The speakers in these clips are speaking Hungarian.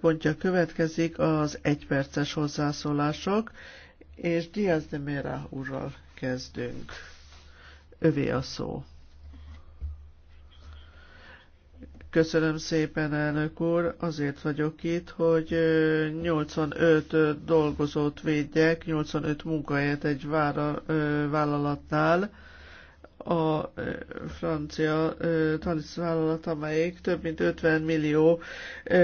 pontja következik az egyperces hozzászólások, és Diaz de Mera úrral kezdünk. Övé a szó. Köszönöm szépen, elnök úr. Azért vagyok itt, hogy 85 dolgozót védjek, 85 munkahelyet egy vállalatnál, a francia taniszvállalat, amelyik több mint 50 millió e,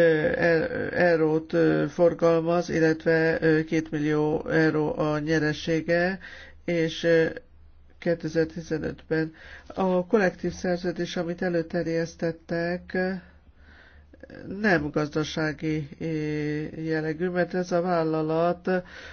eurót forgalmaz, illetve 2 millió euró a nyeresége, és 2015-ben a kollektív szerződés, amit előterjesztettek, nem gazdasági eh, jellegű, mert ez a vállalat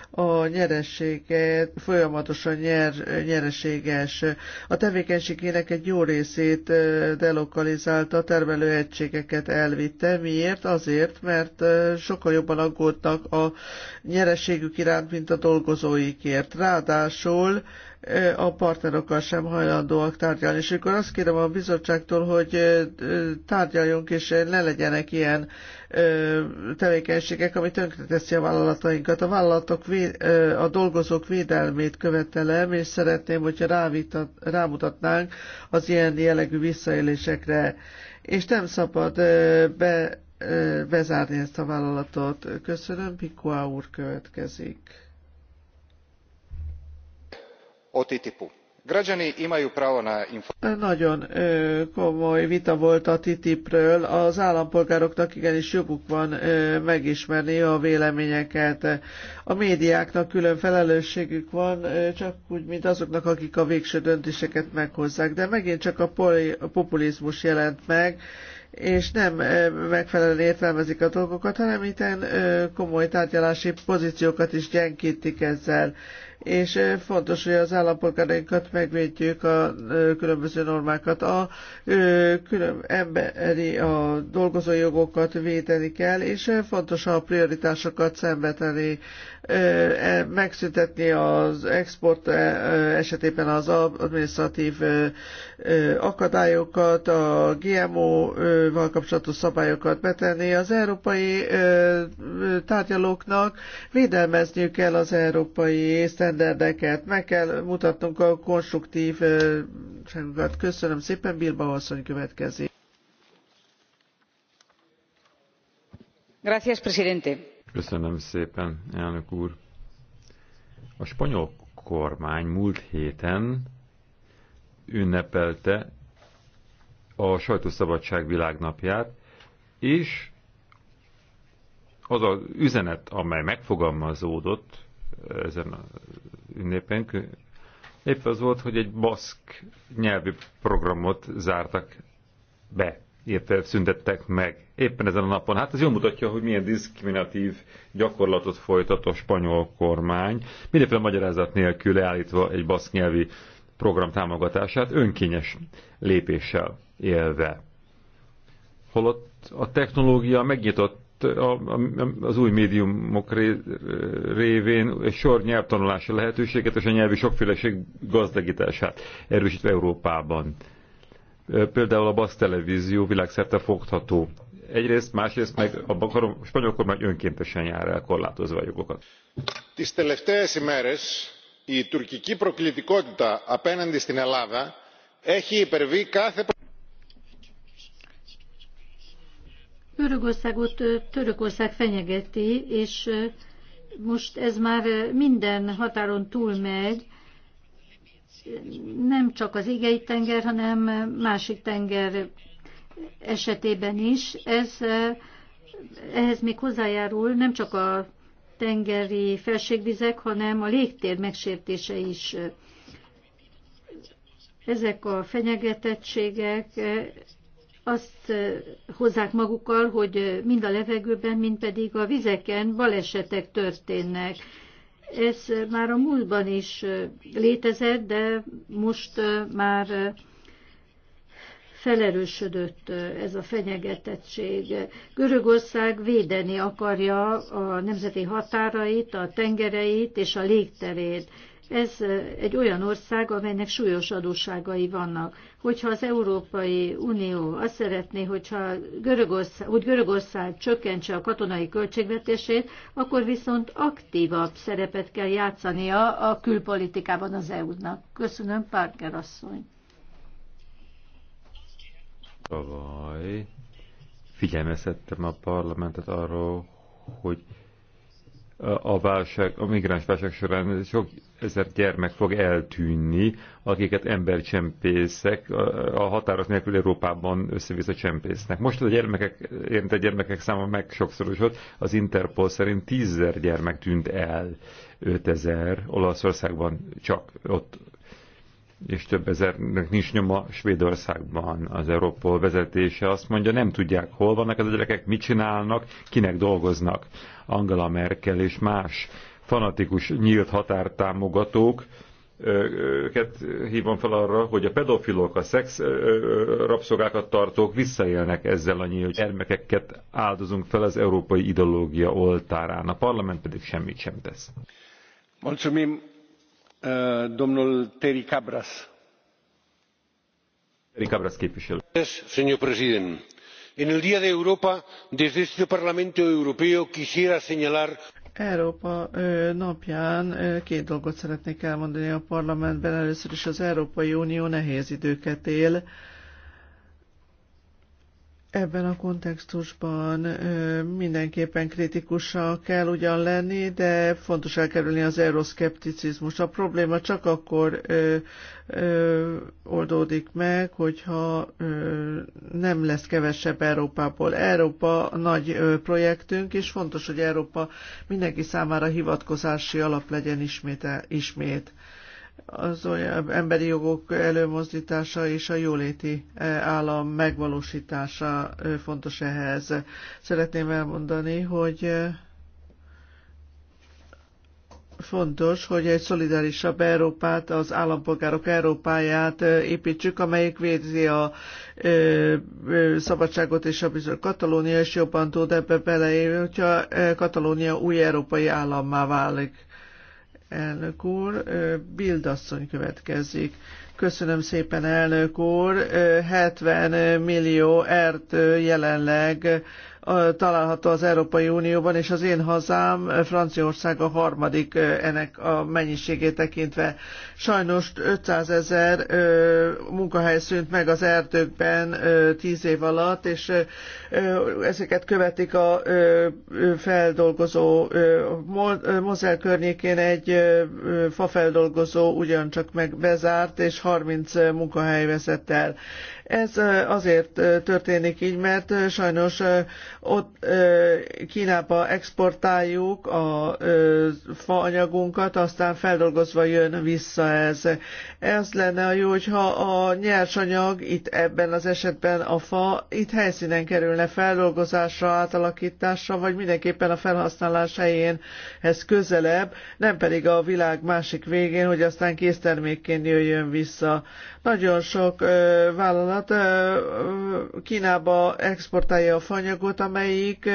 a nyerességet folyamatosan nyer, nyereséges. A tevékenységének egy jó részét eh, delokalizálta, termelőegységeket elvitte. Miért? Azért, mert eh, sokkal jobban aggódtak a nyereségük iránt, mint a dolgozóikért. Ráadásul a partnerokkal sem hajlandóak tárgyalni. És akkor azt kérem a bizottságtól, hogy tárgyaljunk, és ne legyenek ilyen tevékenységek, ami tönkreteszi a vállalatainkat. A vállalatok, a dolgozók védelmét követelem, és szeretném, hogyha rávitat, rámutatnánk az ilyen jellegű visszaélésekre. És nem szabad be, bezárni ezt a vállalatot. Köszönöm, Pikoa úr következik o ttip u. Nagyon komoly vita volt a TTIP-ről. Az állampolgároknak igenis joguk van megismerni a véleményeket. A médiáknak külön felelősségük van, csak úgy, mint azoknak, akik a végső döntéseket meghozzák. De megint csak a, a populizmus jelent meg, és nem megfelelően értelmezik a dolgokat, hanem itten komoly tárgyalási pozíciókat is gyengítik ezzel és fontos, hogy az állampolgárainkat megvédjük a különböző normákat. A külön emberi, a dolgozói jogokat védeni kell, és fontos a prioritásokat szembeteni, e, megszüntetni az export esetében az administratív akadályokat, a GMO-val kapcsolatos szabályokat betenni. Az európai tárgyalóknak védelmezniük kell az európai standardokat, standardeket, meg kell mutatnunk a konstruktív ságunkat. Köszönöm szépen, Bilba asszony következik. Gracias, presidente. Köszönöm szépen, elnök úr. A spanyol kormány múlt héten ünnepelte a sajtószabadság világnapját, és az az üzenet, amely megfogalmazódott ezen a ünnepen. Épp az volt, hogy egy baszk nyelvi programot zártak be, érte szüntettek meg éppen ezen a napon. Hát ez jól mutatja, hogy milyen diszkriminatív gyakorlatot folytat a spanyol kormány, mindenféle magyarázat nélkül leállítva egy baszk nyelvi program támogatását önkényes lépéssel élve. Holott a technológia megnyitott az új médiumok révén egy sor nyelvtanulási lehetőséget és a nyelvi sokféleség gazdagítását erősítve Európában. Például a BASZ televízió világszerte fogható. Egyrészt, másrészt meg a spanyol kormány önkéntesen jár el korlátozva a jogokat. Τις τελευταίες ημέρες η τουρκική προκλητικότητα απέναντι Törökországot Törökország fenyegeti, és most ez már minden határon túl megy, nem csak az égei tenger, hanem másik tenger esetében is. Ez, ehhez még hozzájárul nem csak a tengeri felségvizek, hanem a légtér megsértése is. Ezek a fenyegetettségek azt hozzák magukkal, hogy mind a levegőben, mind pedig a vizeken balesetek történnek. Ez már a múltban is létezett, de most már felerősödött ez a fenyegetettség. Görögország védeni akarja a nemzeti határait, a tengereit és a légterét. Ez egy olyan ország, amelynek súlyos adósságai vannak. Hogyha az Európai Unió azt szeretné, hogyha Görögország, hogy Görögország csökkentse a katonai költségvetését, akkor viszont aktívabb szerepet kell játszania a külpolitikában az EU-nak. Köszönöm, Parker asszony. Tavaly figyelmeztettem a parlamentet arról, hogy a válság, a migráns válság során sok ezer gyermek fog eltűnni, akiket embercsempészek a határos nélkül Európában össze-vissza csempésznek. Most a gyermekek, érintett gyermekek száma meg sokszorosod, az Interpol szerint tízzer gyermek tűnt el, 5000 Olaszországban csak ott és több ezernek nincs nyoma Svédországban az Európol vezetése. Azt mondja, nem tudják, hol vannak az a gyerekek, mit csinálnak, kinek dolgoznak. Angela Merkel és más fanatikus nyílt határtámogatók őket hívom fel arra, hogy a pedofilok, a szex rabszolgákat tartók visszaélnek ezzel a nyílt gyermekeket áldozunk fel az európai ideológia oltárán. A parlament pedig semmit sem tesz. Mulțumim képviselő. Señor presidente, en el Día de Europa, desde este Parlamento Europeo quisiera señalar Európa napján két dolgot szeretnék elmondani a parlamentben. Először is az Európai Unió nehéz időket él, Ebben a kontextusban mindenképpen kritikussal kell ugyan lenni, de fontos elkerülni az euroszkepticizmus. A probléma csak akkor ö, ö, oldódik meg, hogyha ö, nem lesz kevesebb Európából. Európa nagy ö, projektünk, és fontos, hogy Európa mindenki számára hivatkozási alap legyen ismét. ismét az olyan emberi jogok előmozdítása és a jóléti e, állam megvalósítása e, fontos ehhez. Szeretném elmondani, hogy e, fontos, hogy egy szolidárisabb Európát, az állampolgárok Európáját építsük, amelyik védzi a ö, ö, szabadságot és a bizony. Katalónia is jobban tud ebbe beleélni, hogyha Katalónia új európai állammá válik elnök úr. Bildasszony következik. Köszönöm szépen, elnök úr. 70 millió ert jelenleg található az Európai Unióban, és az én hazám eh, Franciaország a harmadik eh, ennek a mennyiségét tekintve. Sajnos 500 ezer eh, munkahely szűnt meg az erdőkben 10 év alatt, és ezeket követik a feldolgozó Mozel környékén egy fafeldolgozó ugyancsak meg bezárt, és 30 munkahely veszett el. Ez azért történik így, mert sajnos ott Kínába exportáljuk a faanyagunkat, aztán feldolgozva jön vissza ez. Ez lenne a jó, hogyha a nyersanyag, itt ebben az esetben a fa, itt helyszínen kerülne feldolgozásra, átalakításra, vagy mindenképpen a felhasználás helyén ez közelebb, nem pedig a világ másik végén, hogy aztán késztermékként jöjjön vissza. Nagyon sok vállalat Kínába exportálja a fanyagot, párt, amelyik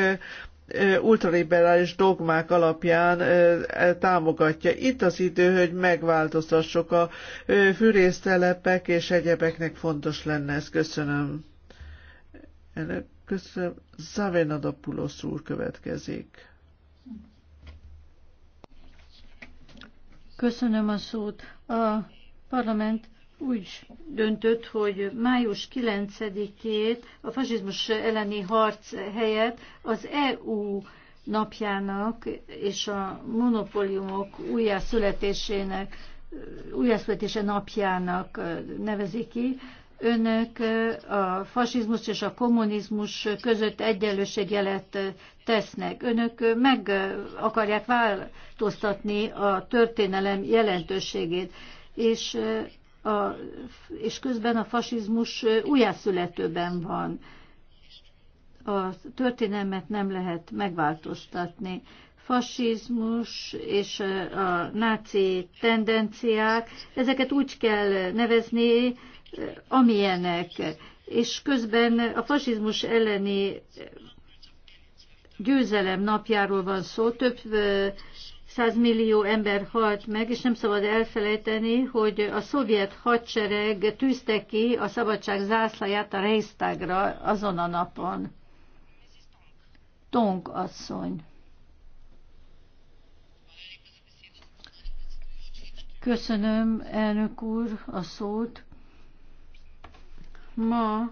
ultraliberális dogmák alapján e, támogatja. Itt az idő, hogy megváltoztassuk a fűrésztelepek és egyebeknek fontos lenne ez. Köszönöm. köszönöm. Zavénadapulosz úr következik. Köszönöm a szót. A parlament úgy döntött, hogy május 9-ét a fasizmus elleni harc helyett az EU napjának és a monopóliumok újjászületésének, újjászületése napjának nevezi ki. Önök a fasizmus és a kommunizmus között egyenlőségjelet tesznek. Önök meg akarják változtatni a történelem jelentőségét, és a, és közben a fasizmus újjászületőben van. A történelmet nem lehet megváltoztatni. Fasizmus és a náci tendenciák, ezeket úgy kell nevezni, amilyenek. És közben a fasizmus elleni győzelem napjáról van szó, több 100 millió ember halt meg, és nem szabad elfelejteni, hogy a szovjet hadsereg tűzte ki a szabadság zászlaját a Reisztágra azon a napon. Tong asszony. Köszönöm, elnök úr, a szót. Ma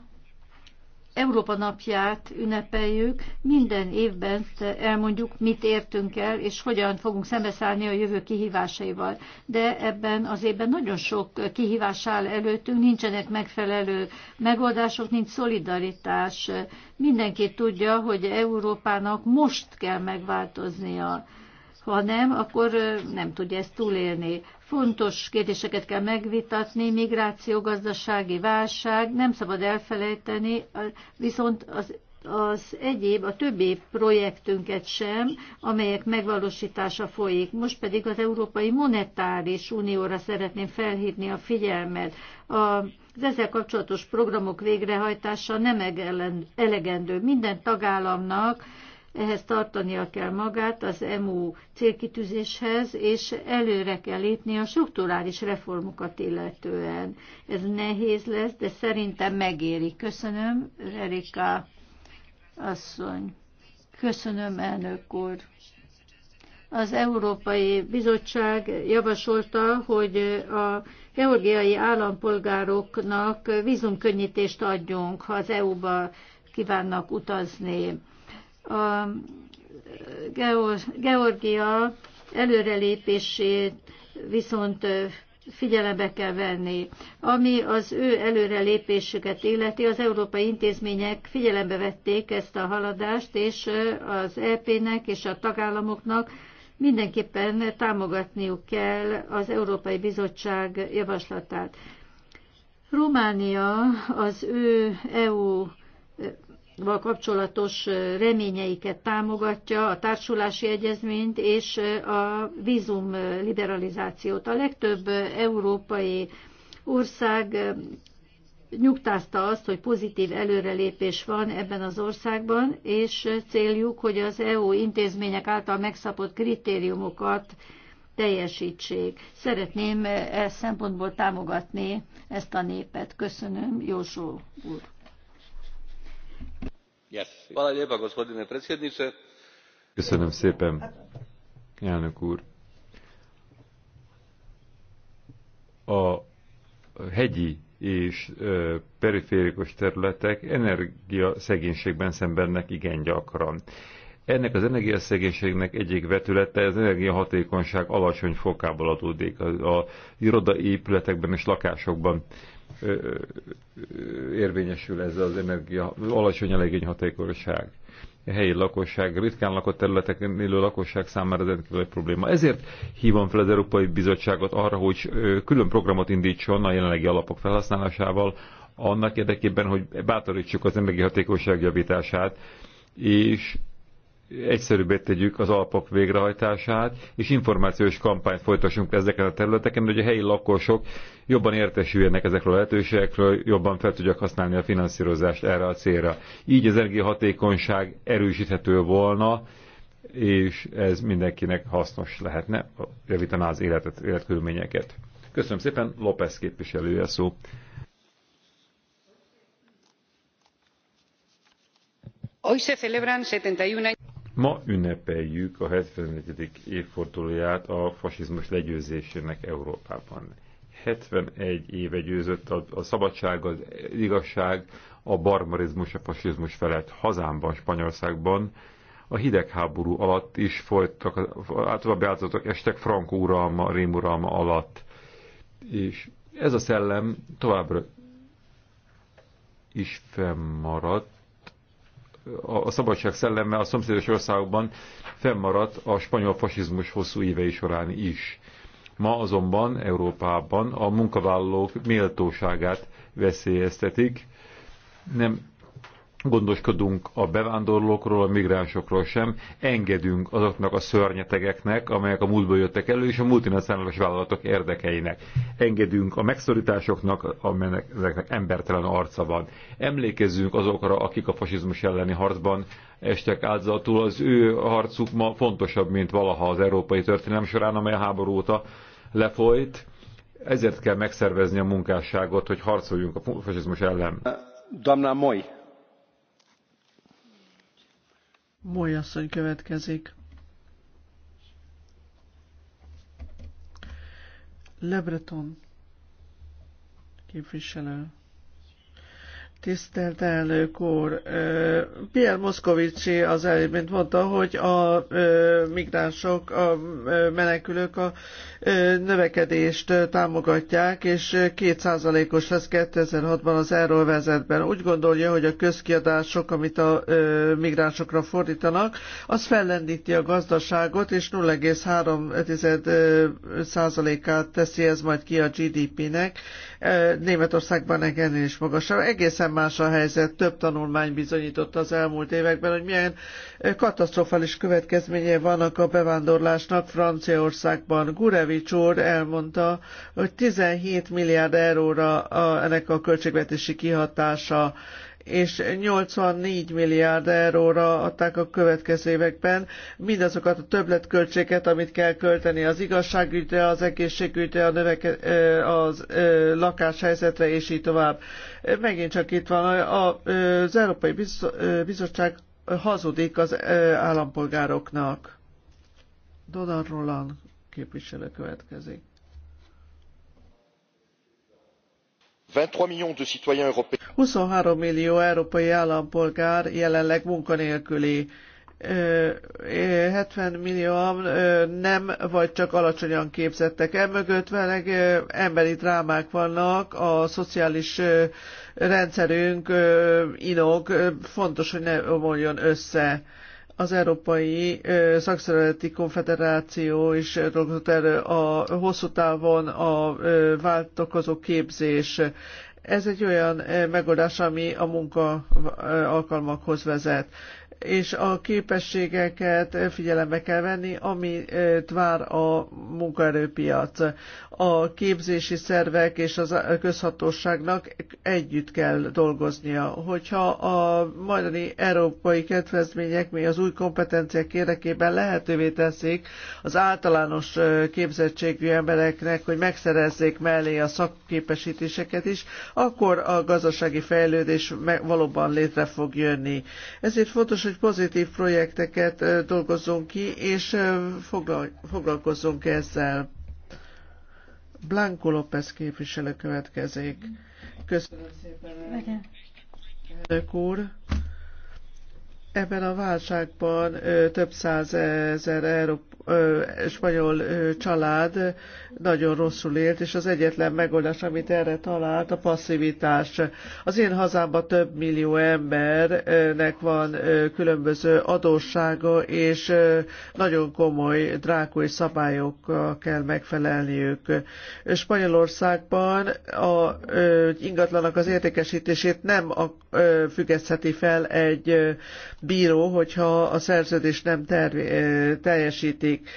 Európa napját ünnepeljük, minden évben elmondjuk, mit értünk el, és hogyan fogunk szembeszállni a jövő kihívásaival. De ebben az évben nagyon sok kihívás áll előttünk, nincsenek megfelelő megoldások, nincs szolidaritás. Mindenki tudja, hogy Európának most kell megváltoznia ha nem, akkor nem tudja ezt túlélni. Fontos kérdéseket kell megvitatni, migráció, gazdasági válság, nem szabad elfelejteni, viszont az az egyéb, a többi projektünket sem, amelyek megvalósítása folyik. Most pedig az Európai Monetáris Unióra szeretném felhívni a figyelmet. Az ezzel kapcsolatos programok végrehajtása nem elegendő. Minden tagállamnak ehhez tartania kell magát az EMU célkitűzéshez, és előre kell lépni a strukturális reformokat illetően. Ez nehéz lesz, de szerintem megéri. Köszönöm, Erika asszony. Köszönöm, elnök úr. Az Európai Bizottság javasolta, hogy a georgiai állampolgároknak vízumkönnyítést adjunk, ha az EU-ba kívánnak utazni a Georgia előrelépését viszont figyelembe kell venni. Ami az ő előrelépésüket illeti, az európai intézmények figyelembe vették ezt a haladást, és az EP-nek és a tagállamoknak mindenképpen támogatniuk kell az Európai Bizottság javaslatát. Románia az ő EU val kapcsolatos reményeiket támogatja, a társulási egyezményt és a vízum liberalizációt. A legtöbb európai ország nyugtázta azt, hogy pozitív előrelépés van ebben az országban, és céljuk, hogy az EU intézmények által megszabott kritériumokat teljesítsék. Szeretném e szempontból támogatni ezt a népet. Köszönöm, Józsó úr. Köszönöm szépen, elnök úr. A hegyi és periférikus területek energiaszegénységben szenvednek igen gyakran. Ennek az energiaszegénységnek egyik vetülete az energiahatékonyság alacsony fokából adódik. A, a irodaépületekben és lakásokban érvényesül ez az energia, alacsony elegény hatékonyság. A helyi lakosság, ritkán lakott területeken élő lakosság számára ez egy probléma. Ezért hívom fel az Európai Bizottságot arra, hogy külön programot indítson a jelenlegi alapok felhasználásával, annak érdekében, hogy bátorítsuk az energiahatékonyság javítását, és egyszerűbbé tegyük az alpok végrehajtását, és információs kampányt folytassunk ezeken a területeken, hogy a helyi lakosok jobban értesüljenek ezekről a lehetőségekről, jobban fel tudják használni a finanszírozást erre a célra. Így az energiahatékonyság erősíthető volna, és ez mindenkinek hasznos lehetne, javítaná az életet, életkörülményeket. Köszönöm szépen, López képviselője szó. Hoy se celebran 71 años. Ma ünnepeljük a 75. évfordulóját a fasizmus legyőzésének Európában. 71 éve győzött a, a szabadság, az igazság, a barbarizmus, a fasizmus felett hazámban, Spanyolországban. A hidegháború alatt is folytak, általában beáltottak estek Franco uralma, Rém uralma alatt. És ez a szellem továbbra is fennmaradt, a szabadság szelleme a szomszédos országokban fennmaradt a spanyol fasizmus hosszú évei során is. Ma azonban Európában a munkavállalók méltóságát veszélyeztetik, nem gondoskodunk a bevándorlókról, a migránsokról sem, engedünk azoknak a szörnyetegeknek, amelyek a múltból jöttek elő, és a multinacionális vállalatok érdekeinek. Engedünk a megszorításoknak, amelyeknek embertelen arca van. Emlékezzünk azokra, akik a fasizmus elleni harcban estek áldozatul, az ő harcuk ma fontosabb, mint valaha az európai történelem során, amely a háború óta lefolyt. Ezért kell megszervezni a munkásságot, hogy harcoljunk a fasizmus ellen. Doamna Moi, Moly következik. Lebreton képviselő. Tisztelt elnök úr! Pierre Moszkovicsi az mint mondta, hogy a migránsok, a menekülők a növekedést támogatják, és 2%-os lesz 2006-ban az vezetben. Úgy gondolja, hogy a közkiadások, amit a migránsokra fordítanak, az fellendíti a gazdaságot, és 0,3%-át teszi ez majd ki a GDP-nek. Németországban ennél is magasabb. Egészen más a helyzet. Több tanulmány bizonyította az elmúlt években, hogy milyen katasztrofális következménye vannak a bevándorlásnak Franciaországban. Gurevics úr elmondta, hogy 17 milliárd euróra ennek a költségvetési kihatása és 84 milliárd euróra adták a következő években mindazokat a többletköltséget, amit kell költeni az igazságügyre, az egészségügyre, a, növeke, az lakáshelyzetre, és így tovább. Megint csak itt van, az Európai Bizottság hazudik az állampolgároknak. Donald Roland képviselő következik. 23 millió európai állampolgár jelenleg munkanélküli. 70 millióan nem vagy csak alacsonyan képzettek. Emögött meleg emberi drámák vannak, a szociális rendszerünk inog, fontos, hogy ne omoljon össze az Európai Szakszervezeti Konfederáció is dolgozott erről a hosszú távon a váltokozó képzés. Ez egy olyan megoldás, ami a munka alkalmakhoz vezet és a képességeket figyelembe kell venni, amit vár a munkaerőpiac. A képzési szervek és a közhatóságnak együtt kell dolgoznia. Hogyha a majdani európai kedvezmények mi az új kompetenciák érdekében lehetővé teszik az általános képzettségű embereknek, hogy megszerezzék mellé a szakképesítéseket is, akkor a gazdasági fejlődés valóban létre fog jönni. Ezért fontos fontos, hogy pozitív projekteket dolgozzunk ki, és foglalkozzunk ezzel. Blanco López képviselő következik. Köszönöm szépen, elnök úr. Ebben a válságban több százezer Európa, spanyol család nagyon rosszul élt, és az egyetlen megoldás, amit erre talált, a passzivitás. Az én hazámban több millió embernek van különböző adóssága, és nagyon komoly drákói szabályokkal kell megfelelniük. Spanyolországban a ingatlanak az értékesítését nem függesztheti fel egy bíró, hogyha a szerződést nem terv- teljesítik.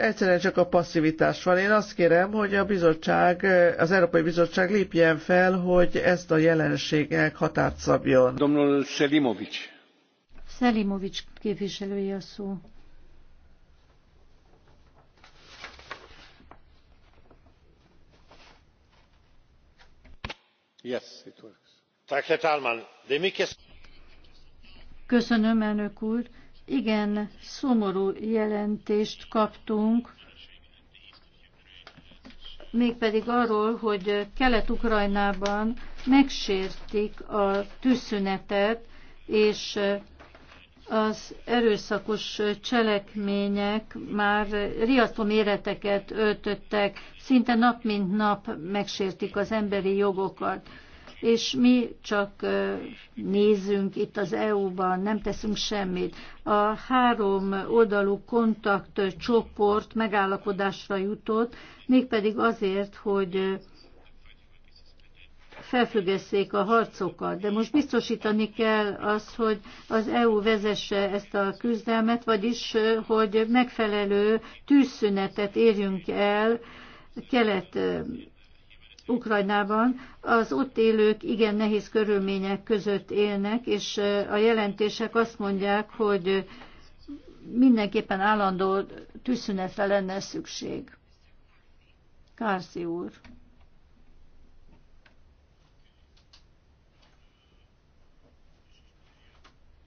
Egyszerűen csak a passzivitás van. Én azt kérem, hogy a bizottság, az Európai Bizottság lépjen fel, hogy ezt a jelenségek határt szabjon. Domnul Selimovics. Selimovics képviselője a szó. Yes, it works. herr talman! Köszönöm, elnök úr. Igen, szomorú jelentést kaptunk, mégpedig arról, hogy Kelet-Ukrajnában megsértik a tűzszünetet, és az erőszakos cselekmények már riasztó méreteket öltöttek, szinte nap mint nap megsértik az emberi jogokat és mi csak nézünk itt az EU-ban, nem teszünk semmit. A három oldalú kontakt csoport megállapodásra jutott, mégpedig azért, hogy felfüggesszék a harcokat, de most biztosítani kell az, hogy az EU vezesse ezt a küzdelmet, vagyis, hogy megfelelő tűzszünetet érjünk el kelet Ukrajnában. Az ott élők igen nehéz körülmények között élnek, és a jelentések azt mondják, hogy mindenképpen állandó tűzszünetre lenne szükség. Kárszi úr.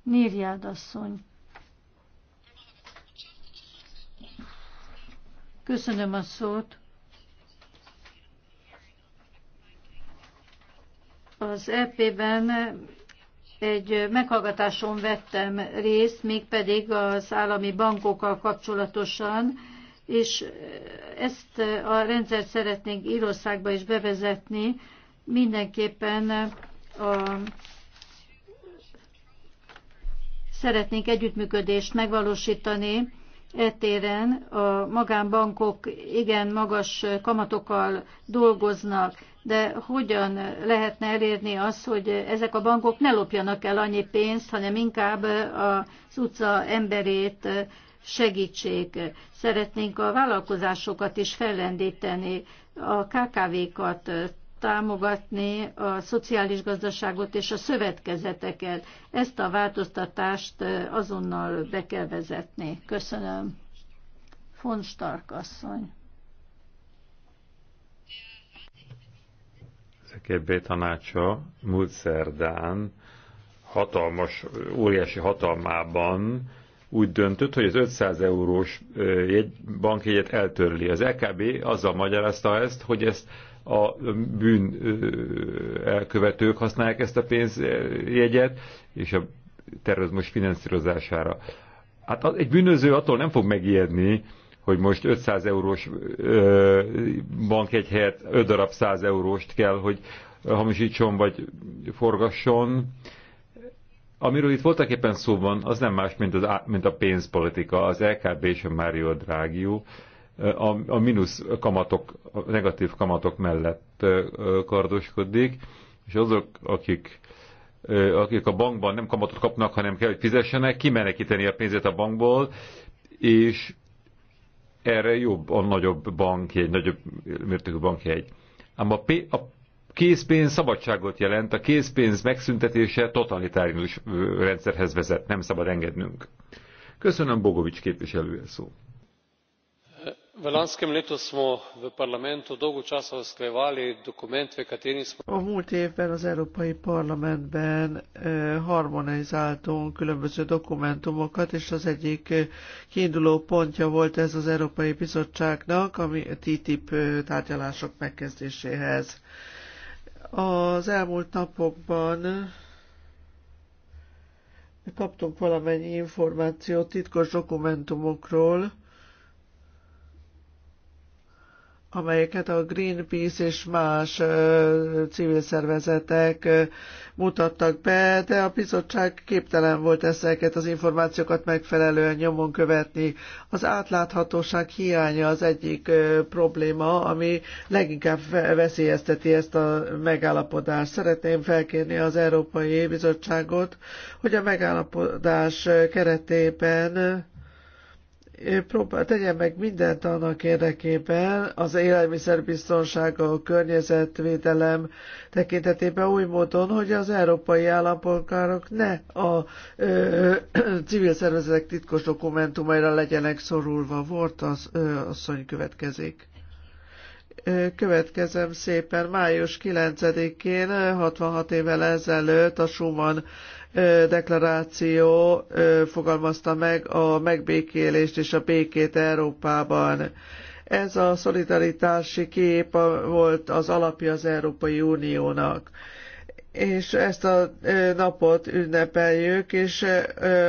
Nírjád asszony. Köszönöm a szót. az EP-ben egy meghallgatáson vettem részt, mégpedig az állami bankokkal kapcsolatosan, és ezt a rendszert szeretnénk Írországba is bevezetni, mindenképpen a, szeretnénk együttműködést megvalósítani etéren. A magánbankok igen magas kamatokkal dolgoznak, de hogyan lehetne elérni azt, hogy ezek a bankok ne lopjanak el annyi pénzt, hanem inkább az utca emberét segítsék. Szeretnénk a vállalkozásokat is fellendíteni, a KKV-kat támogatni, a szociális gazdaságot és a szövetkezeteket. Ezt a változtatást azonnal be kell vezetni. Köszönöm. Von Stark asszony. EKB tanácsa múlt szerdán hatalmas, óriási hatalmában úgy döntött, hogy az 500 eurós bankjegyet eltörli. Az EKB azzal magyarázta ezt, hogy ezt a bűn elkövetők használják ezt a pénzjegyet, és a terrorizmus finanszírozására. Hát egy bűnöző attól nem fog megijedni, hogy most 500 eurós bank egy helyet 5 darab 100 euróst kell, hogy hamisítson vagy forgasson. Amiről itt voltak éppen szó van, az nem más, mint, az, mint a pénzpolitika, az LKB és a Mario Draghi a, a mínusz kamatok, a negatív kamatok mellett kardoskodik, és azok, akik akik a bankban nem kamatot kapnak, hanem kell, hogy fizessenek, kimenekíteni a pénzét a bankból, és erre jobb a nagyobb bankjegy, nagyobb mértékű bankjegy. Ám a, a készpénz szabadságot jelent, a készpénz megszüntetése totalitárius rendszerhez vezet, nem szabad engednünk. Köszönöm Bogovics képviselő szó v lanskem letu smo v parlamentu dolgo časa usklajevali dokument v katerem smo. a múlt évben az európai parlamentben eh, harmonizáltunk különböző dokumentumokat és az egyik eh, kiinduló pontja volt ez az európai bizottságnak ami ttip eh, tárgyalások megkezdéséhez. az elmúlt napokban kaptunk valamennyi információt titkos dokumentumokról amelyeket a Greenpeace és más civil szervezetek mutattak be, de a bizottság képtelen volt ezeket az információkat megfelelően nyomon követni. Az átláthatóság hiánya az egyik probléma, ami leginkább veszélyezteti ezt a megállapodást. Szeretném felkérni az Európai Bizottságot, hogy a megállapodás keretében tegyen meg mindent annak érdekében az élelmiszerbiztonság, a környezetvédelem tekintetében új módon, hogy az európai állampolgárok ne a ö, ö, civil szervezetek titkos dokumentumaira legyenek szorulva. Volt az ö, asszony következik következem szépen. Május 9-én, 66 évvel ezelőtt a Schumann deklaráció fogalmazta meg a megbékélést és a békét Európában. Ez a szolidaritási kép volt az alapja az Európai Uniónak és ezt a napot ünnepeljük, és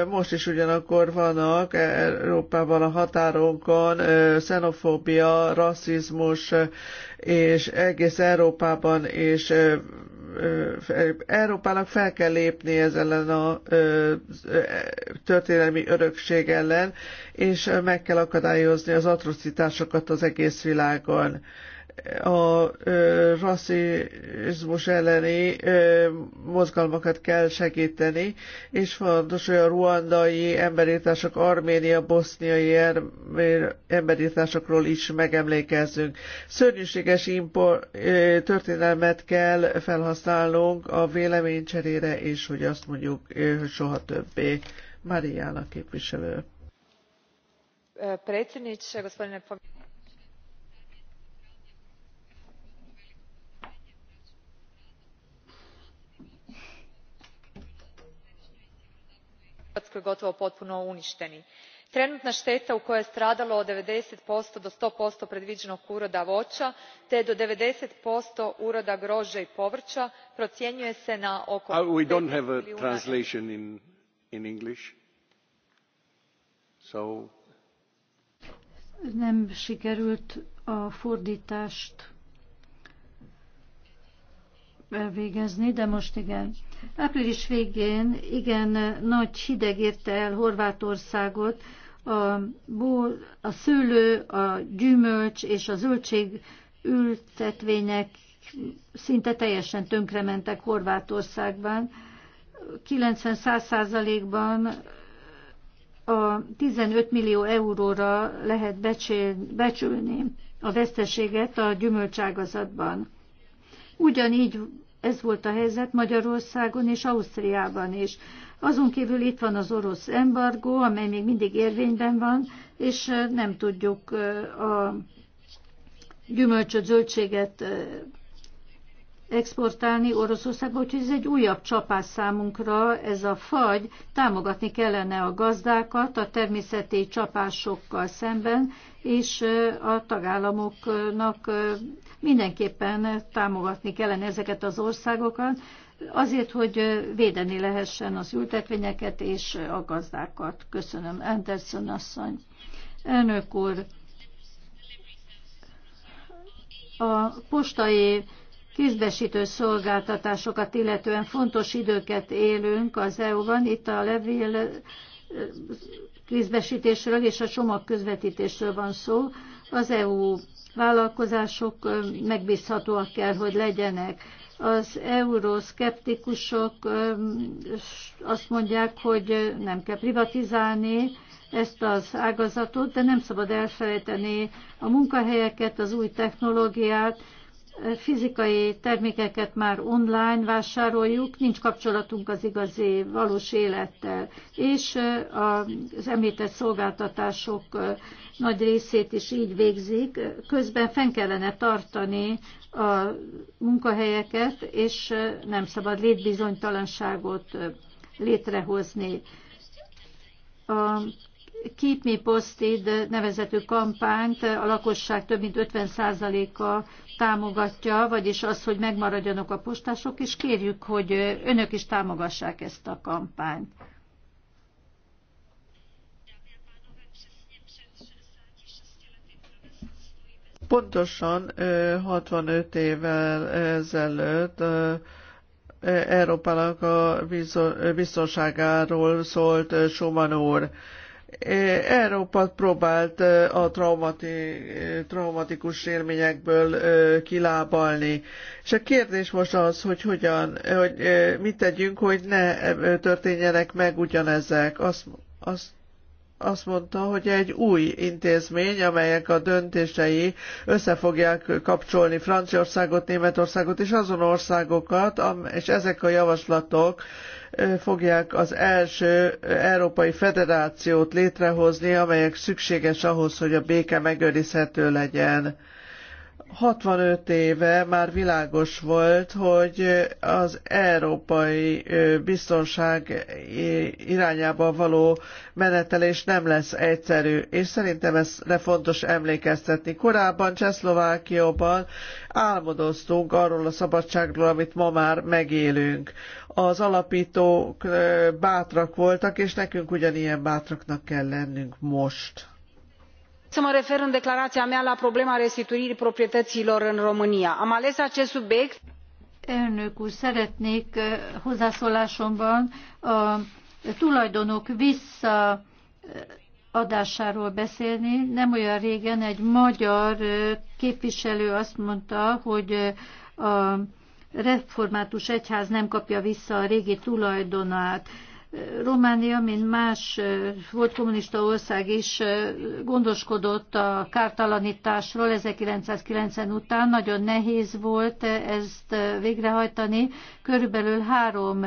most is ugyanakkor vannak Európában a határonkon xenofóbia, rasszizmus, és egész Európában és Európának fel kell lépni ez ellen a történelmi örökség ellen, és meg kell akadályozni az atrocitásokat az egész világon a rasszizmus elleni mozgalmakat kell segíteni, és fontos, hogy a ruandai emberítások, arménia, boszniai emberításokról is megemlékezzünk. Szörnyűséges impor, történelmet kell felhasználnunk a véleménycserére, és hogy azt mondjuk, hogy soha többé. Mariana képviselő. Predsjedniče, gospodine hrvatskoj gotovo potpuno uniteni. trenutna teta u kojoj je stradalo od ninety do one predvienog uroda voa te do ninety uroda groa i povra procjenjuje se na oko fifteen uh, milijuna nem sikerült a fordtást elvégezni, de most igen. Április végén igen nagy hideg érte el Horvátországot, a, bor, a szőlő, a gyümölcs és a zöldség ültetvények szinte teljesen tönkrementek Horvátországban. 90-100%-ban a 15 millió euróra lehet becsülni a veszteséget a gyümölcságazatban. Ugyanígy ez volt a helyzet Magyarországon és Ausztriában is. Azon kívül itt van az orosz embargó, amely még mindig érvényben van, és nem tudjuk a gyümölcsöt, zöldséget exportálni Oroszországba, úgyhogy ez egy újabb csapás számunkra, ez a fagy. Támogatni kellene a gazdákat a természeti csapásokkal szemben, és a tagállamoknak Mindenképpen támogatni kellene ezeket az országokat, azért, hogy védeni lehessen az ültetvényeket és a gazdákat. Köszönöm, Anderson asszony. Elnök úr, a postai kézbesítő szolgáltatásokat illetően fontos időket élünk az EU-ban. Itt a levél vízbesítésről és a csomagközvetítésről van szó. Az EU vállalkozások megbízhatóak kell, hogy legyenek. Az euroszkeptikusok azt mondják, hogy nem kell privatizálni ezt az ágazatot, de nem szabad elfelejteni a munkahelyeket, az új technológiát, fizikai termékeket már online vásároljuk, nincs kapcsolatunk az igazi valós élettel. És az említett szolgáltatások nagy részét is így végzik. Közben fenn kellene tartani a munkahelyeket, és nem szabad létbizonytalanságot létrehozni. A Keep Me Posted nevezetű kampányt a lakosság több mint 50%-a támogatja, vagyis az, hogy megmaradjanak a postások, és kérjük, hogy önök is támogassák ezt a kampányt. Pontosan 65 évvel ezelőtt e, Európának a biztonságáról szólt Schumann úr. Európa próbált a traumati, traumatikus élményekből kilábalni. És a kérdés most az, hogy hogyan, hogy mit tegyünk, hogy ne történjenek meg ugyanezek. Azt, azt azt mondta, hogy egy új intézmény, amelyek a döntései össze fogják kapcsolni Franciaországot, Németországot és azon országokat, és ezek a javaslatok fogják az első Európai Federációt létrehozni, amelyek szükséges ahhoz, hogy a béke megőrizhető legyen 65 éve már világos volt, hogy az európai biztonság irányába való menetelés nem lesz egyszerű, és szerintem le fontos emlékeztetni. Korábban Csehszlovákiában álmodoztunk arról a szabadságról, amit ma már megélünk. Az alapítók bátrak voltak, és nekünk ugyanilyen bátraknak kell lennünk most să mă refer în declarația mea la problema restituirii proprietăților în românia. am ales acest subiect Elnök úr, szeretnék eh, hozzászólásomban a eh, tulajdonok visszaadásáról beszélni. Nem olyan régen egy magyar eh, képviselő azt mondta, hogy a református egyház nem kapja vissza a régi tulajdonát. Románia, mint más volt kommunista ország is gondoskodott a kártalanításról 1990 után. Nagyon nehéz volt ezt végrehajtani. Körülbelül három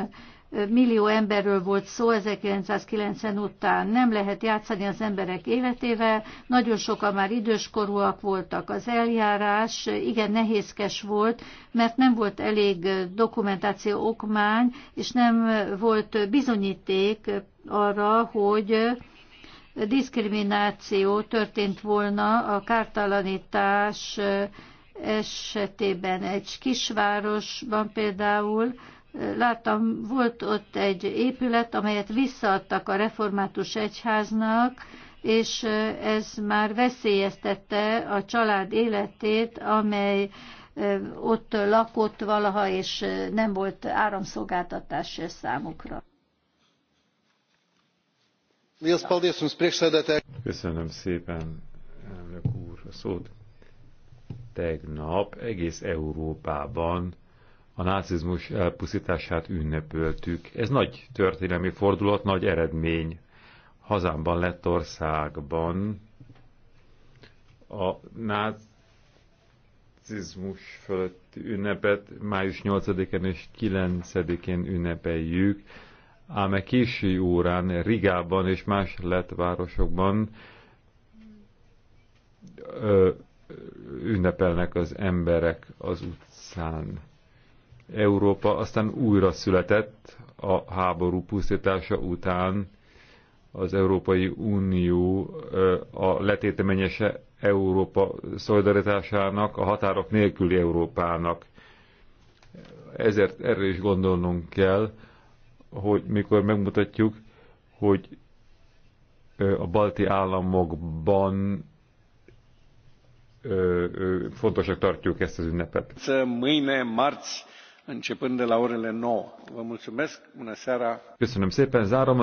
millió emberről volt szó 1990 után. Nem lehet játszani az emberek életével, nagyon sokan már időskorúak voltak. Az eljárás igen nehézkes volt, mert nem volt elég dokumentáció okmány, és nem volt bizonyíték arra, hogy diszkrimináció történt volna a kártalanítás esetében. Egy kisvárosban például láttam, volt ott egy épület, amelyet visszaadtak a református egyháznak, és ez már veszélyeztette a család életét, amely ott lakott valaha, és nem volt áramszolgáltatás számukra. Köszönöm szépen, elnök úr, a szót. Tegnap egész Európában a nácizmus elpusztítását ünnepöltük. Ez nagy történelmi fordulat, nagy eredmény. Hazámban, Lettországban a nácizmus fölötti ünnepet május 8-án és 9-én ünnepeljük, ám a e késő órán Rigában és más lett városokban ünnepelnek az emberek az utcán Európa aztán újra született a háború pusztítása után az Európai Unió a letéteményese Európa szolidaritásának, a határok nélküli Európának. Ezért erre is gondolnunk kell, hogy mikor megmutatjuk, hogy a balti államokban fontosak tartjuk ezt az ünnepet. Mâine, marți, începând de la orele. nine vă mulțumesc bună seara! köszönöm szépen zárom.